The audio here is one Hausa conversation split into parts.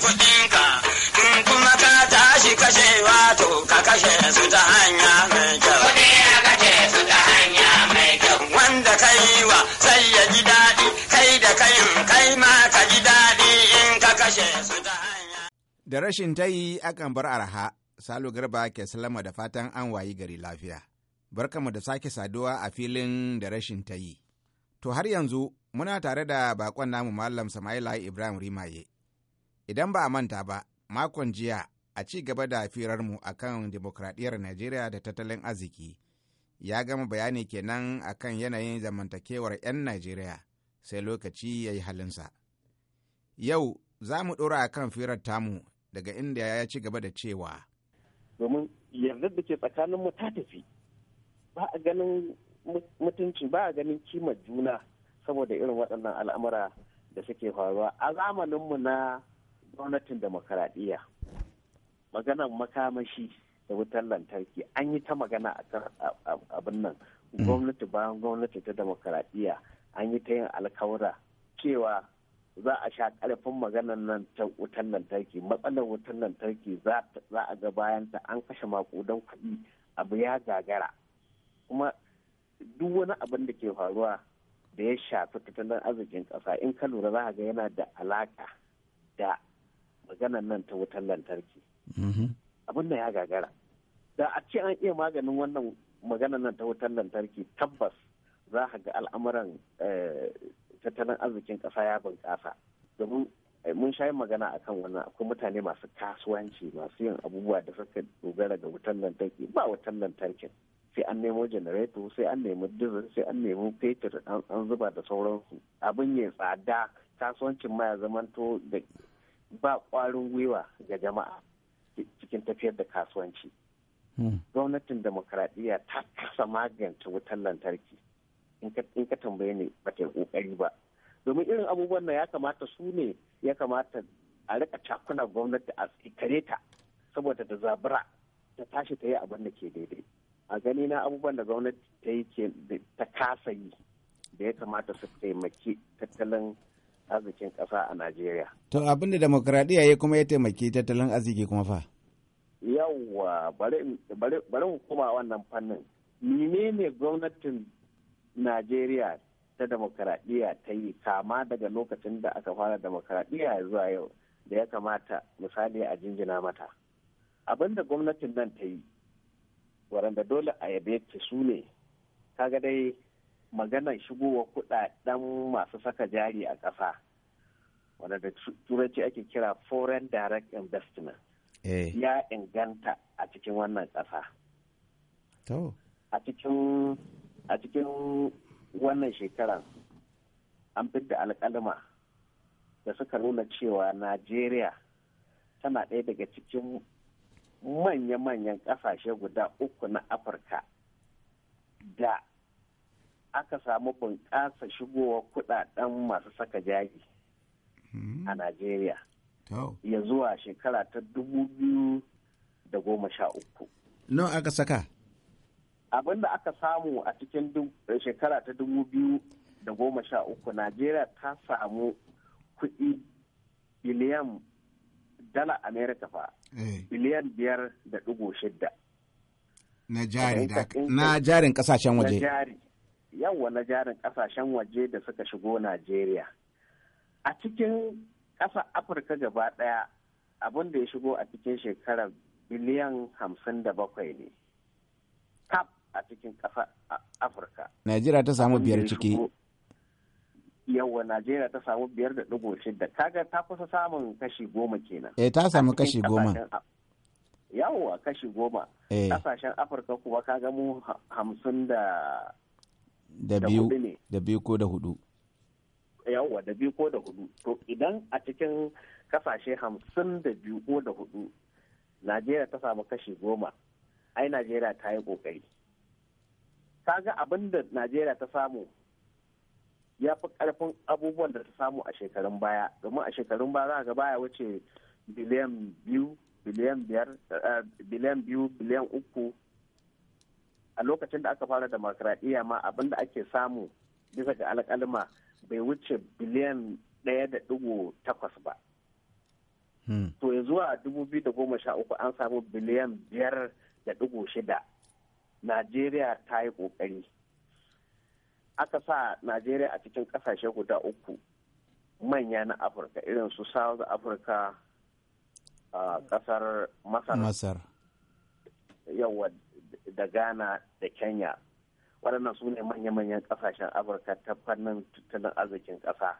sami in kuma ka tashi kashe wato ka kashe su ta hanya mai kyau. Wanda ka yi wa sai ya ji daɗi kai da kayin kai ma ka ji daɗi in ka kashe su ta hanya. Da rashin tayi akan bar arha. Salo Garba ke salama da fatan an wayi gari lafiya. Barkamu da sake saduwa a filin da rashin ta yi. To har yanzu muna tare da bakon namu Malam Sama'ila Ibrahim Rimaye Idan ba a manta ba, makon jiya a ci gaba da firarmu a kan dimokuraɗiyyar Najeriya da tattalin arziki. Ya gama bayani kenan a kan yanayin zamantakewar 'yan Najeriya sai lokaci ya yi halinsa. Yau za mu ɗora a kan firar tamu daga inda ya ci gaba da cewa. Domin yardar da ke tsakaninmu ta tafi, ba a ganin mutunci ba a ganin kimar juna saboda irin waɗannan al'amura da suke faruwa a zamaninmu na gwamnatin demokaradiyya maganar makamashi da wutar lantarki an yi ta magana a abin nan mm. gwamnati bayan gwamnati ta demokaradiyya an yi ta yin alkawura cewa za a sha karfin maganar nan ta wutar lantarki matsalar wutar lantarki za a ga bayan ta an kashe makudan kuɗi abu ya gagara kuma duk wani abin da ke faruwa da ya shafi tattalin arzikin ƙasa in ka lura za ga yana da alaka da maganan nan ta wutar lantarki mm-hmm. abin da ya gagara da a ce an iya maganin wannan maganan nan ta wutar lantarki tabbas za a ga al'amuran eh, tattalin arzikin kasa ya bunƙasa domin eh, mun sha magana a kan wannan akwai mutane masu kasuwanci masu yin abubuwa da suka dogara ga wutar lantarki ba wutar lantarki sai an nemo janareto sai an nemi dizil sai an nemi fetur an zuba da sauransu abin ya tsada kasuwancin ma ya zamanto ba ƙwarin gwiwa ga jama'a cikin tafiyar da kasuwanci. Hmm. Gwamnatin demokaradiyya ta kasa magance wutar lantarki in ka tambaye ne ba ta yi ƙoƙari ba. Domin irin abubuwan nan ya kamata su ne ya kamata a rika cakuna gwamnati a tsikare ta saboda da zabura ta tashi ta yi abin da ke daidai. A gani na abubuwan da gwamnati ta yi ta kasa yi da ya kamata su taimaki tattalin arzikin ƙasa a Najeriya. To abin da ya kuma ya taimaki tattalin arziki kuma fa? Yawwa bari mu koma wannan fannin. Menene gwamnatin Najeriya ta demokradiyya ta yi kama daga lokacin da aka fara demokuraɗiyya zuwa yau da ya kamata misali a jinjina mata. Abin da gwamnatin nan ta yi, waɗanda dole a yabe su ne, kaga dai maganar shigowar kudaden masu saka jari a ƙasa wanda da turanci ake kira foreign direct investment eh. ya inganta a cikin wannan ƙasa a cikin wannan shekaran an fidda alƙalma da suka nuna cewa najeriya tana ɗaya daga cikin manya-manyan ƙasashe guda uku na afirka da aka samu bunƙasa shigowa kudaden masu saka jari hmm. a Najeriya. Ya zuwa shekara ta dubu biyu da goma sha uku. Nawa aka saka? Abin da aka samu a cikin eh, shekara ta dubu biyu da goma sha uku, Najeriya ta samu kuɗi biliyan dala Amerika fa, eh. biliyan biyar da ɗigo shidda. Na jarin kasashen waje. Na jari. yawa na jarin kasashen waje da suka shigo najeriya a cikin ƙasa afirka gaba ɗaya abin da ya shigo a cikin shekarar biliyan hamsin da bakwai ne kaf a cikin ƙasa afirka najeriya ta samu biyar ciki yawa najeriya ta samu biyar da ɗigo shida kaga ta kusa samun kashi goma kenan eh ta samu kashi goma yawa kashi goma ƙasashen eh. afirka kuma kaga mu hamsin da da biyu da biyu ko da hudu yawwa da biyu ko da hudu to idan a cikin kasashe hamsin da biyu ko da hudu najeriya ta samu kashi goma ai najeriya ta yi kokari kaga abin da najeriya ta samu ya fi karfin abubuwan da ta samu a shekarun baya domin a shekarun baya za ga baya wuce biliyan biyu biliyan biyar eh, biliyan biyu biliyan uku a lokacin da aka fara demokradiyya ma abin da ake samu bisa ga alƙalma bai wuce biliyan ɗaya da ɗigo takwas ba. Hmm. To ya zuwa dubu biyu da goma sha uku an samu biliyan biyar da ɗigo shida. Najeriya ta yi ƙoƙari. Aka sa Najeriya a cikin ƙasashe guda uku manya na Afirka irin su South Africa a ƙasar Masar. Masar. da ghana da kenya waɗannan su ne manya-manyan ƙasashen afirka ta fannin tattalin arzikin ƙasa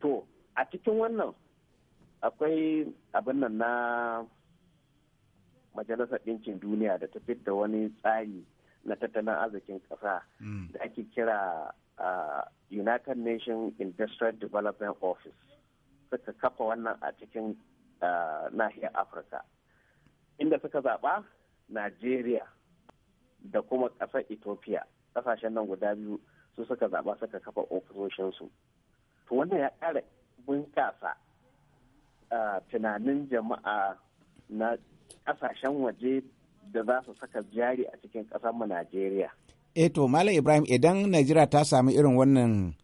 to a cikin wannan akwai abin nan na majalisar ɗinkin duniya da ta da wani tsari na tattalin arzikin ƙasa hmm. da ake kira united nations industrial development office suka kafa wannan a cikin nahiyar afirka inda suka zaɓa najeriya da kuma ƙasar ethiopia ƙasashen nan guda biyu su suka zaɓa suka kafa ofisoshinsu to wannan ya ƙara bunƙasa tunanin jama'a na ƙasashen waje da za su saka jari a cikin mu najeriya eh to malam ibrahim idan najeriya ta sami irin wannan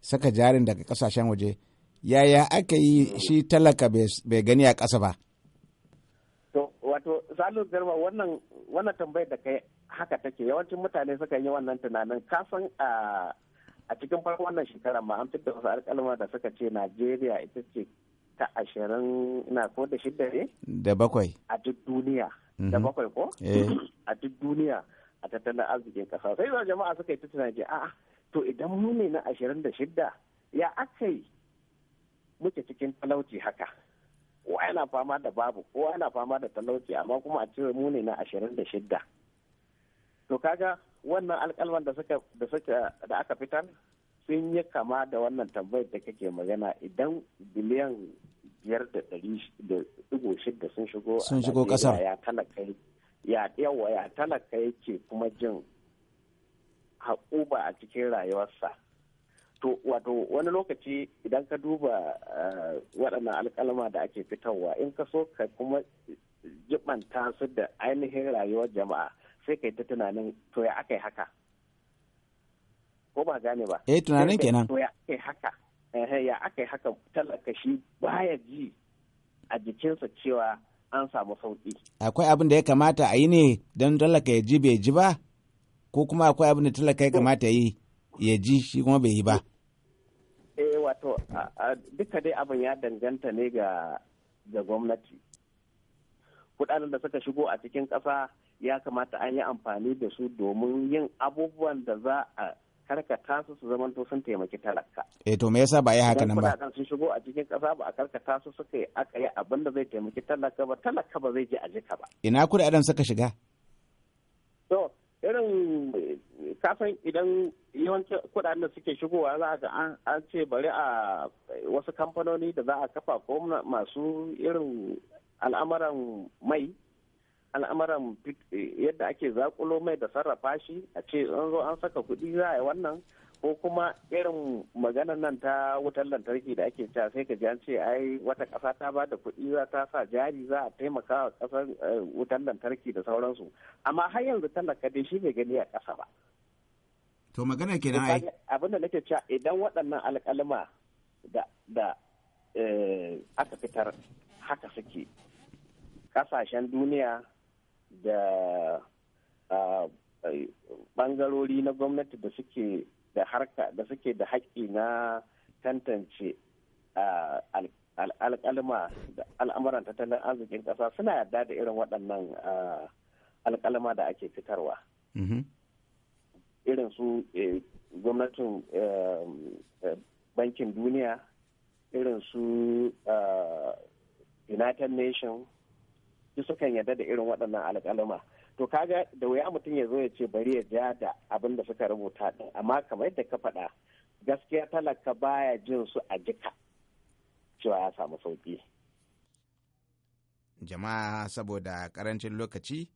saka jarin daga ƙasashen waje yaya aka yi shi talaka bai gani a ƙasa ba salu garba wannan wannan tambayar da kai haka take yawancin mutane suka yi wannan tunanin kasan a cikin farko wannan shekara ma an fitar da wasu alƙalma da suka ce najeriya ita ce ta ashirin na ko da shida ne da bakwai a duk duniya da mhm. bakwai ko eh. a duk duniya a tattalin arzikin ƙasa sai zuwa jama'a suka yi ta ji a'a to idan mu ne na ashirin da shida ya aka yi muke cikin talauci haka kowa yana fama da babu kowa yana fama da talauci amma kuma a cire muni na ashirin da shidda to kaga wannan alkalman da suka da suka da aka fitar sun yi kama da wannan tambayar da kake magana idan biliyan biyar da ɗari da ɗigo shidda sun shigo sun shigo ƙasar ya talaka ya yawa ya talaka yake kuma jin haƙuba a cikin rayuwarsa to wato wani lokaci idan ka duba eh, waɗannan alƙalama da ake fitarwa in ka so ka kuma jibanta su da ainihin rayuwar jama'a sai ka yi ta tunanin to ya aka yi haka ko ba gane ba eh tunanin kenan to ya aka yi haka eh, ya aka yi haka talaka shi baya ji a jikinsa cewa an samu sauki akwai abin da ya kamata a yi ne don talaka ya ji bai ji ba ko kuma akwai abin da talaka ya kamata yi ya ji shi kuma bai yi ba wato duka dai abin ya danganta ne ga gwamnati kudaden da suka shigo a cikin kasa ya kamata an yi amfani da su domin yin abubuwan da za a karkata su su zamanto sun taimaki talaka. E to me yasa ba yi haka nan ba? da sun shigo a cikin kasa ba a karkata su suka yi aka yi abin da zai taimaki talaka ba talaka ba zai je a jika ba. Ina kudaden suka shiga? irin kasan idan yawancin kudaden da suke shigowa za ga an ce bari a wasu kamfanoni da za a kafa ko masu irin al'amuran mai al'amuran yadda ake zakulo mai da sarrafa shi a ce an zo an saka kuɗi za a yi wannan ko kuma irin maganar nan ta wutar lantarki da ake cewa sai ka ji an ce ai wata ƙasa ta ba da kuɗi za ta sa jari za a taimaka wa ƙasar eh, wutar lantarki da sauransu amma har yanzu talaka dai shi bai gani a ƙasa ba to magana ke ai abin da nake cewa idan waɗannan alƙalma da da eh, aka fitar haka suke ƙasashen duniya da bangarori ah, eh, na gwamnati da suke da harka da suke da haƙƙi na tantance ah, alƙalma da al'amuran tattalin arzikin ƙasa suna yarda da irin waɗannan ah, alƙalma da ake fitarwa mm-hmm. irin su eh, gwamnatin eh, eh, bankin duniya irin su ah, united nations su sukan yarda da irin waɗannan alƙalma to kaga da wuya mutum ya zo ya ce bari ya ja da abin da suka rubuta din amma kamar yadda ka faɗa gaskiya talaka baya jin su a jika cewa ya samu sauƙi. jama'a saboda karancin lokaci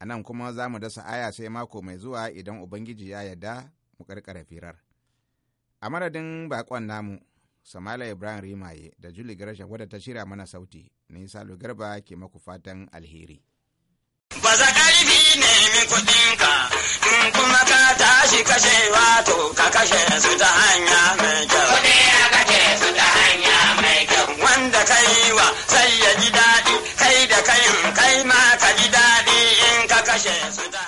a nan kuma za mu dasa aya sai mako mai zuwa idan ubangiji ya yarda mu karkara firar a madadin bakon namu samala ibrahim rimaye da juli garasha wadda ta shirya mana sauti nisa garba ke maku fatan alheri. ba shi nemi kuɗinka in kuma ka tashi kashe wato ka kashe su ta hanya mai kyau. kashe su ta hanya mai kyau. Wanda ka yi wa sai ya ji daɗi kai da kayin kai ma ka ji daɗi in ka kashe su ta